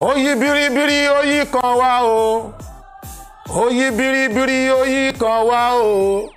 Oyi biribiri oyi kan wá o. Oyi biribiri oyi kan wá o.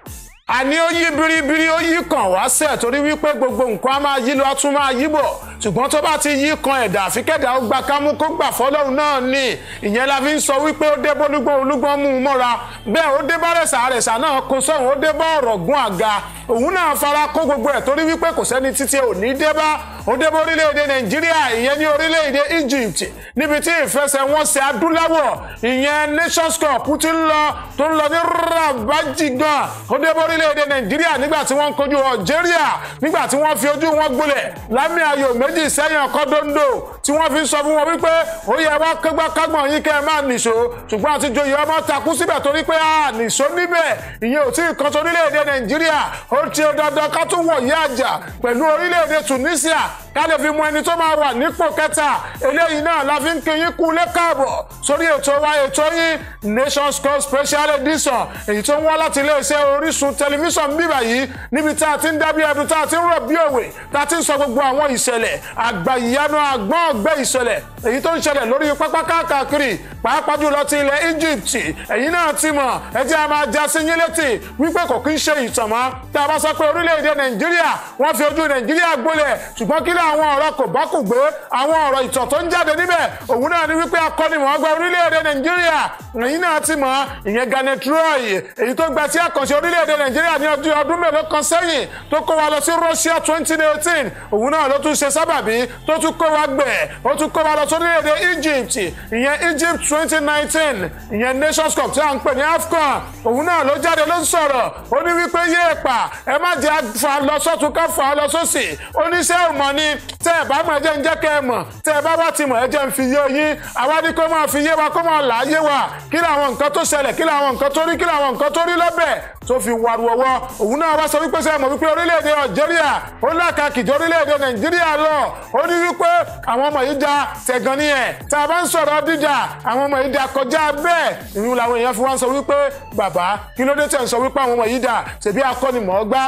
Àní oyi biribiri oyi kan wá sẹ̀ torí wípé gbogbo nǹkan á máa yí lọ á tún máa yí bọ̀ ṣùgbọ́n tó bá ti yí kan ẹ̀dá àfikẹ́dà ó gba kámú kó gbà fọ́lọ́run náà ni ìyẹn la fi ń sọ wípé ó dé bólúgbọ́n olúgbọ́n mú un mọ́ra bẹ́ẹ̀ ó dé bá rẹ̀sà rẹ̀sà náà kó sọ́hun ó dé bá ọ̀rọ̀ gún àga òun náà fara kó gbogbo ẹ̀ torí wípé kò sẹ́ni títí ò ní dé bá ó dé bá orílẹ̀-èdè nàìjíríà ìyẹn ní orílẹ̀-èdè Egypt níbi tí ìfẹsẹ̀wọnsẹ̀ adúláwọ̀ ìyẹn Nations Cup ti ń lọ tó ń lọ ní rabaji gan ó dé bá orílẹ̀-èdè nàìjíríà nígbà tí wọ́n kojú Algeria nígbà tí wọ́n fi ojú wọn gbolẹ̀ lámì ayò méjì méjì sẹ́yìn ọkọ́ dondo tí wọ́n fi ń sọ fún wọn wípé ó yẹ wá kẹgbẹ́ kágbọ̀n yín kẹ́ ẹ máa nìṣó ṣùgbọ́n àti joyè ọmọ takú síbẹ̀ torí pé a nìṣó níbẹ̀ ìyẹn ò tí ì kan tó orílẹ̀-èdè Nàìjíríà ó ti dandan ká tún wọ̀nyí àjà pẹ̀lú orílẹ̀-èdè Tunisia ká lè fi mọ ẹni tó máa wà nípò kẹta eléyìí náà la fi ń kíyín kú lẹ́kàbọ̀ sórí ètò wa ètò yín Nations Cup special edition èyí tó ń wá láti iléeṣẹ́ Orísun tẹlifíṣàn bíbà yìí níbi tá a ti ń dábí ẹdun tá a ti ń rọ̀ bí òwe tá a ti ń sọ gbogbo àwọn ìṣẹ̀lẹ̀ àgbàyanu àgbọ̀n ọ̀gbẹ́ ìṣẹ̀lẹ̀ èyí tó ń ṣẹlẹ̀ lórí pápá káàkiri pàápàá jùlọ ti ilẹ̀ Egypt èyí náà ti mọ̀ ẹ jẹ́ a máa já yín létí wípé kò kí ń ṣe ìtàn mọ́ tá a bá sọ pé orílẹ̀-èdè Nàìjíríà wọ́n fi ojú Nàìjíríà gbolẹ̀ ṣùgbọ́n kí l àwọn ọ̀rọ̀ kò bá kò gbé àwọn ọ̀rọ̀ ìtàn tó ń jáde níbẹ̀ òun náà ni wípé akọ́nimọ̀ọ́gbà orílẹ̀-èdè nàìjíríà èyí náà ti mọ̀ ìyẹn Garnet Roy èyí tó gba sí àkànṣe orílẹ̀-èdè nàìjíríà ní ọdún ọdún mélòó kan sẹ́yìn tó kó wa lọ sí Russia twenty eighteen òun náà ló tún ṣe sábàbí tó tún kó wa gbẹ̀ ó tún kó wa lọ sí orílẹ̀-èdè Egypt ìyẹn Egypt twenty nineteen ìyẹn Nations Cup tí à ń pè ní AFCON òun náà ló jáde ló ń sọ̀rọ̀ ó ní wípé yéèpà e ẹ má jẹ́ fa lọ sọ́tún ká fa lọ sósì oníṣẹ́ ọ̀mọ́ ni yín tẹ́ ẹ̀ bá mọ̀ ẹ jẹ́ ń jẹ́ kẹ́ ẹ mọ̀ tẹ́ ẹ bá bá ti mọ̀ ẹ jẹ́ ń fi yé yín àwa ni kó máa fi yé wa kó máa là á yé wa kí làwọn nǹkan tó ṣẹlẹ̀ kí làwọn nǹkan tó rí kí làwọn nǹkan tó rí lọ́bẹ̀ tó fi waru ọwọ́ òun náà wá sọ wípé sẹ́ mọ̀ wípé orílẹ̀-èdè Algeria ó làkàkìjọ orílẹ̀-èdè Nàìjíríà lọ ó ní wípé àwọn ọmọ yìí da tẹ̀gàn ni ẹ̀ tá a bá ń sọ̀rọ̀ dídà àwọn ọmọ yìí da kọjá bẹ́ẹ̀ ìrìn làwọn èèyàn fi wá ń sọ wípé bàbá kí ló dé tẹ̀ ń sọ wípé àwọn ọmọ yìí da ṣèbí akọ́nimọ̀ọ́gbá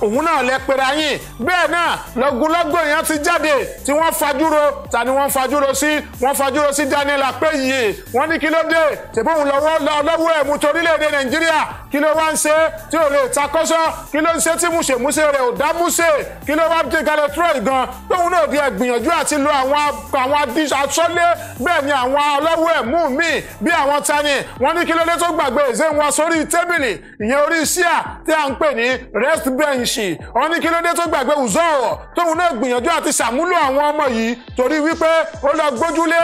òun náà lẹ pera yín bẹ́ẹ̀ náà lọ́gùnlọ́gùn èèyàn ti jáde tí wọ́n fajúro ta ni wọ́n fajúro sí wọ́n fajúro sí Daniel Apẹyẹ wọ́n ní kí ló dé tẹbí òun lọ́wọ́ ọlọ́wọ́ ẹ̀mú torílẹ̀-èdè Nàìjíríà kí ló wá ń ṣe tí òun lè takọ́sọ́ kí ló ń ṣe tí mùsèmùsè rẹ̀ ò dá músè kí ló wá dé Galatasaray gan tóun náà di ẹgbìyànjú àti lo àwọn àwọn asọ́lé bẹ́ẹ̀ ni àwọn ọlọ́wọ́ ẹ̀mú mi bí àwọn tani wọ́n ní kí ló dé tó gbàgbé ìṣe wọn sórí tébìlì ìyẹn orí síà tí à ń pè ní rest bench wọ́n ní kí ló dé tó gbàgbé ùzọ́ọ̀ tóun náà gbìyànjú àti ṣàmúlò àwọn ọmọ yìí torí wípé ó lọ gbójúlé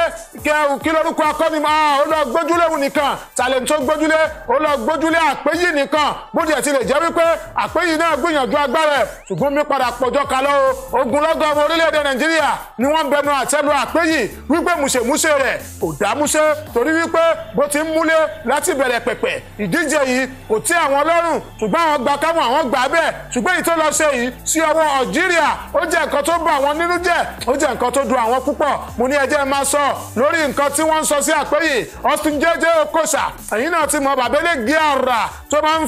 kí lórúkọ akọ́ni ah, ó lọ gbójúlé òun nìkan tàlẹ́ntó gbójúlé ó lọ gbójúlé àpéy àpéyí nìkan bó tiẹ̀ ti lè jẹ́ wípé àpéyí náà gbìyànjú agbára ẹ̀ ṣùgbọ́n mi padà pọ̀jọ́ kalọ́ o ogunlọ́gọ̀ ọmọ orílẹ̀-èdè nàìjíríà ni wọ́n ń bẹnu àtẹ́lu àpéyí wípé mùsèmúsè rẹ̀ kò dámúsé torí wípé bó ti ń múlé láti bẹ̀rẹ̀ pẹ̀pẹ̀ ìdíje yìí kò tí àwọn lọ́rùn ṣùgbọ́n àwọn gba kámú àwọn gbà bẹ́ẹ̀ ṣùgbọ́n èyí tó lọ ṣe yìí sí ọwọ́ algeria ó jẹ́ nǹkan tó bà wọ́n nínú jẹ́ ó jẹ́ nǹkan tó dùn àwọn púpọ̀ mo ní ẹjẹ́ máa sọ lórí nǹkan tí wọ́n ń sọ sí àpéyí Austin jẹ́jẹ́ okosa ẹ̀yìn náà ti mọ bàbá elégé àrà tó máa ń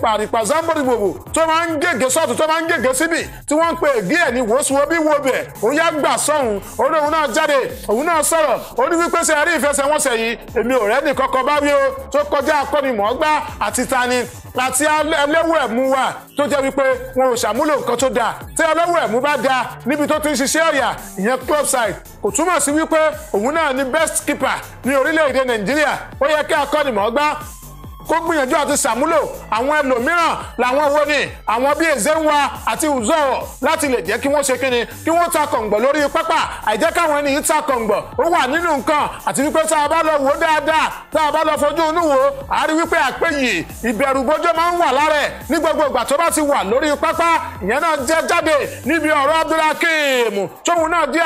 pàrìpà zámbòrì gbòòbò tó máa ń gègé sọ́ọ̀tù tó máa ń gègé síbì tí wọ́n ń pe ègé ẹ̀ ní wòsíwòbí wòbẹ̀ òun yá gbà sọ́hun orí òun náà jáde òun náà sọ̀rọ̀ ó ní wípé ṣe àrí ìfẹsẹ̀wọnsẹ̀ yìí èmi ò rẹ́ nìkan kan bá wí o tó kọjá akọ́nimọ̀ọ́gbá àti tani àti ẹlẹ́wọ̀ ẹ̀mú wa tó jẹ́ wípé wọn ò ṣàmúlò nǹkan tó dáa tí ẹlẹ́wọ̀ ẹ̀mú bá dáa níbi tó ti ń ṣiṣẹ́ ọ̀yà ìyẹn club side kò túmọ̀ sí wípé òun náà ni best keeper ní orílẹ̀-èdè nàìjíríà ó yẹ kí akọ́nimọ̀ọ́gbá kó gbìyànjú àti ṣàmúlò àwọn ẹlòmíràn làwọn wo ni àwọn bíi Ezenwa àti Uzoho láti lè jẹ́ kí wọ́n ṣe kíni kí wọ́n ta kọ̀ǹgbọ̀ lórí pápá àìjẹ́ káwọn ẹni yìí ta kọ̀ǹgbọ̀ ó wà nínú nǹkan àti wípé tá a bá lọ wò ó dáadáa tá a bá lọ fojú inú wò ó a rí wípé àpéyè ìbẹ̀rùbojo máa ń wà lára ẹ̀ ní gbogbo ìgbà tó bá ti wà lórí pápá ìyẹn náà jẹ́ jáde níbi ọ̀rọ̀ Abdulhakeem tóun náà jẹ́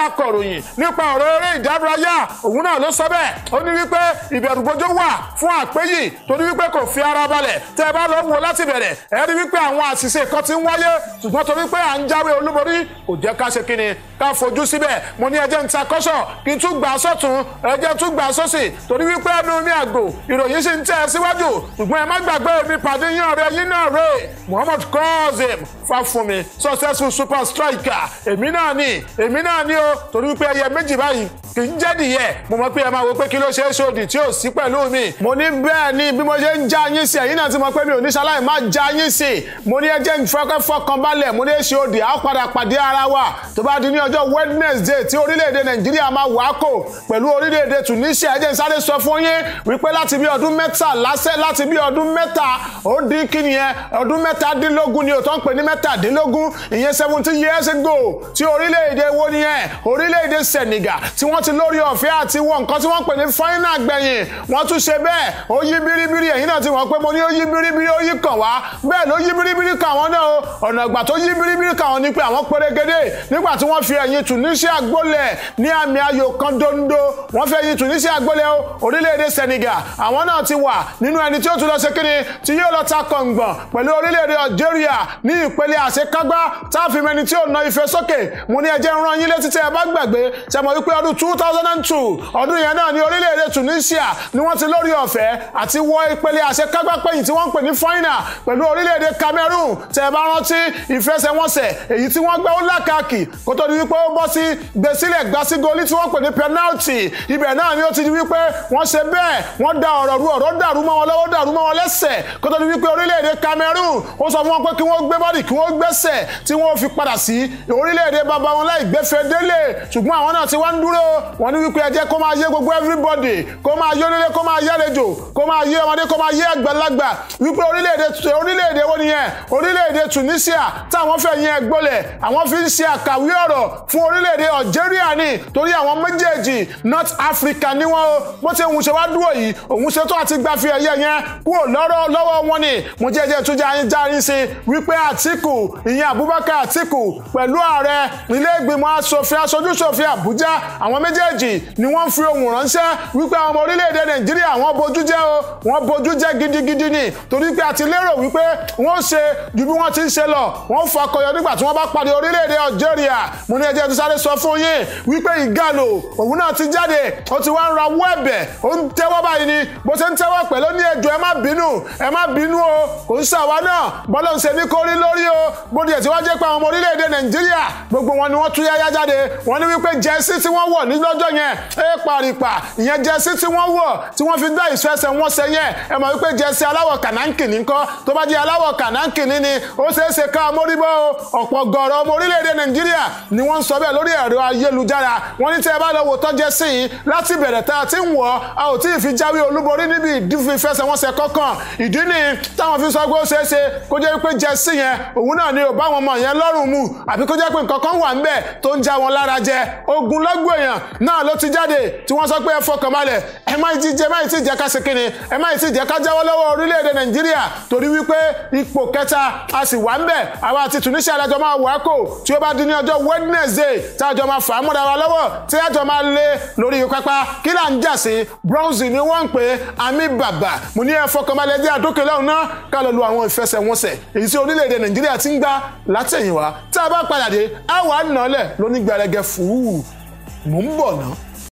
pé kò fi ara balẹ̀ tẹ́ ẹ bá lọ wò láti bẹ̀rẹ̀ ẹ rí wípé àwọn àṣìṣe kan ti ń wáyé ṣùgbọ́n torí pé à ń jáwé olúborí kò jẹ́ ká ṣe kíni ká fojú síbẹ̀ mo ní ẹjẹ́ ń ta kọ́sọ̀ kí n tún gbà á sọ̀tún ẹjẹ́ tún gbà á sọ̀sì torí wípé ẹnu mi àgbò ìròyìn sì ń tẹ̀ síwájú ṣùgbọ́n ẹ má gbàgbé mi pàdé yín ọ̀rẹ́ yín náà rè Muhammad Kazeem Fáfúnmi successful super striker èmi náà ni èmi náà ni o torí wípé ẹyẹ méjì báyìí kì í jẹ́ nìyẹn mo mọ̀ pé ẹ máa wo pé kí ló ṣe é ṣòdì tí ò sí pẹ̀lú mi mo ní bẹ́ẹ̀ ni bí mo ṣe ń já yín sí ẹ̀yin náà ti mọ̀ pé mi ò ní ṣaláì má já yín sí mo ní ẹjẹ́ ìfẹ́kẹ́ fọkàn balẹ̀ mo ní èsì òdì á padà pàdé ara wa tó bá di ní ọjọ́ Wednesday tí orílẹ̀-èdè Nàìjíríà máa wà á kò pẹ̀lú orílẹ̀-èdè Tunisia ẹjẹ́ sáré sọ fún yín wípé láti bí ọdún mẹ́ta lásẹ̀ láti bí ọdún mẹ́ta ó dín kí nìyẹn ọdún mẹ́tàdínlógún ni òtọ́ ń pè ní mẹ́tàdínlógún ìyẹn seventeen years ago tí orílẹ̀-èdè wo nìyẹn orílẹ̀-èdè Senegal tí wọ́n ti lórí ọ̀fẹ́ àti wọ nǹkan tí wọ́n pè ní final gbẹ̀yìn wọ́n tún ṣe bẹ́ẹ̀ ó yí bíríbírí ẹ̀yìn ẹ̀yin náà ti wọ́n pé mo ní ó yí biribiri ó yí kàn wá bẹ́ẹ̀ ló yí biribiri kàn wọ́n náà o ọ̀nà ìgbà tó yí biribiri kàn wọ́n ni pé àwọn pérégedé nígbà tí wọ́n fi ẹ̀yìn Tunisia gbólẹ̀ ní àmì ayò kan dondo wọ́n fi ẹ̀yìn Tunisia gbólẹ̀ o orílẹ̀-èdè Senegal àwọn náà ti wà nínú ẹni tí ó tún lọ ṣe kíni tí yóò lọ ta kọ̀ǹgbọ̀n pẹ̀lú orílẹ̀-èdè Algeria ní ìpele ìpele àṣekágbápẹ́yìn tí wọ́n ń pè ní final pẹ̀lú orílẹ̀-èdè Cameroon tẹ́ ẹ bá rántí ìfẹsẹ̀wọnsẹ̀ èyí tí wọ́n gbẹ́ ó lákàkì kó tó di wípé ó bọ́ sí gbèsílẹ̀ gbásígolí tí wọ́n pè ní penalty ibẹ̀ náà ni ó ti di wípé wọ́n ṣe bẹ́ẹ̀ wọ́n da ọ̀rọ̀ ru ọ̀rọ̀ dàrú mọ́ wọn lọ́wọ́ dàrú mọ́ wọn lẹ́sẹ̀ kó tó di wípé orílẹ̀-èdè Cameroon ó sọ fún wọn pé kí wọ́n gbé bọ́dì kí wọ́n gbẹ́sẹ̀ tí wọ́n fi padà sí orílẹ̀-èdè baba wọn láì gbẹ́fẹ́ délé ṣùgbọ́n àwọn náà ti wá ń dúró wọn ní wípé ẹ jẹ́ kó máa yé gbogbo everybody kó máa yónílé kó máa yálejò kó máa yé ọmọdé kó máa ayé àgbàlagbà wípé orílẹ̀-èdè orílẹ̀-èdè wo nìyẹn orílẹ̀-èdè Tunisia táwọn fẹ́ yẹn gbọ́lẹ̀ àwọn fi ń ṣe àkàwé ọ̀rọ̀ fún orílẹ̀-èdè Algeria ni torí àwọn méjèèjì North Africa ni wọ́n o bó ti ń ṣe wá dúró yìí òun ṣe tó àti gbafẹ́ ẹ̀yẹ yẹn kúrò lọ́rọ̀ lọ́wọ́ wọn ni mo jẹ́jẹ́ tún jẹ́ ajárin sí wípé Àtíkù ìyẹn Abubakar Àtíkù pẹ̀lú ààrẹ ilé ìgbìmọ̀ asòfin aṣojúṣòfin Àbújá àwọn méjèèjì ni wọ́n fi ohùn ránṣẹ́ wípé àwọn ọmọ orílẹ̀-èdè Nàìjíríà wọ́n bojú jẹ́ o wọ́n bojú jẹ́ gidigidi ni torí pé a ti lérò wípé wọ́n ṣe ju bí wọ́n ti ń ṣe lọ wọ́n fakọyọ nígbà tí wọ́n bá pàdé orílẹ̀-èdè Algeria mo ní ẹjẹ́ tó sáré sọ fún yín wípé Ìgalò òun náà ti jáde ó ti wá ń rawọ́ ẹ̀bẹ̀ ó ń tẹ́wọ́ báyìí ni bó ṣe ń tẹ́wọ́ pẹ̀lú ní ẹjọ́ ẹ má bínú ẹ má bínú o kò ń ṣàwa náà bọ́lá ń ṣe ní kórí lórí o bó di ẹ̀tí wọ́n jẹ́ pé àwọn ọmọ orílẹ̀-èdè Nàìjíríà gbogbo wọn ni wọ́n tú yáyá jáde wọ́n ní wípé jẹ́sí tí wọ́n wọ̀ ní lọ́jọ́ yẹn ẹ pàrìpà ìyẹn jẹ́sí tí wọ́n wọ̀ tí wọ́n fi dá ìfẹsẹ̀ wọn ṣe yẹn ẹ m mọ̀ wípé jẹ́sí aláwọ̀ kànáńkìní ńkọ́ tó bá jẹ́ aláwọ̀ kànáńkìní ni ó ṣeé ṣe ká mórígbó o ọ̀pọ̀ gọ̀ọ̀rọ̀ ọmọ orílẹ̀-èdè nàìjíríà ni wọ́n ń sọ bẹ́ẹ̀ lórí ẹ̀rọ ayélujára wọ́n ní tí ẹ bá lọ wò tọ́ jẹ́sí yìí láti bẹ̀rẹ̀ tá a ti ń wọ̀ a ò tí ì fi jáwé olúborí níbi ìdífẹsẹ̀wọnsẹ̀ kọ̀ọ̀kan ìdí ni táwọn fi sọ pé ó ṣeé ṣe kó jẹ́ pé jẹ́sí yẹn òun náà ni ò bá wọn mọ̀ yẹn lọ́rùn mu àbí kó jẹ́ pé nǹkan kan wà ń bẹ̀ tó ń já wọn lára jẹ ogun lọ́gbọ̀ èèyàn náà ló ti jáde tí wọ́n sọ pé ẹ fọkàn balẹ̀ ẹ má ti jẹ ẹ má ti jẹ kásìkìnì ẹ má ti jẹ ká jáwọ́ lọ́wọ́ orílẹ̀-èdè nàìjíríà torí wípé ipò kẹta a sì wà ń bẹ̀ àwa àti tunisia alájọ máa wà kò tí ó bá di ní ọjọ́ wednesday tájọ máa fà á múra wa lọ́wọ́ tí àjọ máa lé lórí pápá kí là ń jà sí bronze ni wọ́n ń pè àmì bàbà mo ní ẹ̀fọ́ kan balẹ̀ dé àdókè lọ́hùn náà ká lọ lu àwọn ìfẹsẹ̀wọnsẹ̀ èyí tí orílẹ̀-èdè nàìjíríà ti ń gbá látẹ̀yìnwá tá a bá padà dé àwa nà án lẹ̀ lónígbàrẹ́gẹ́ ń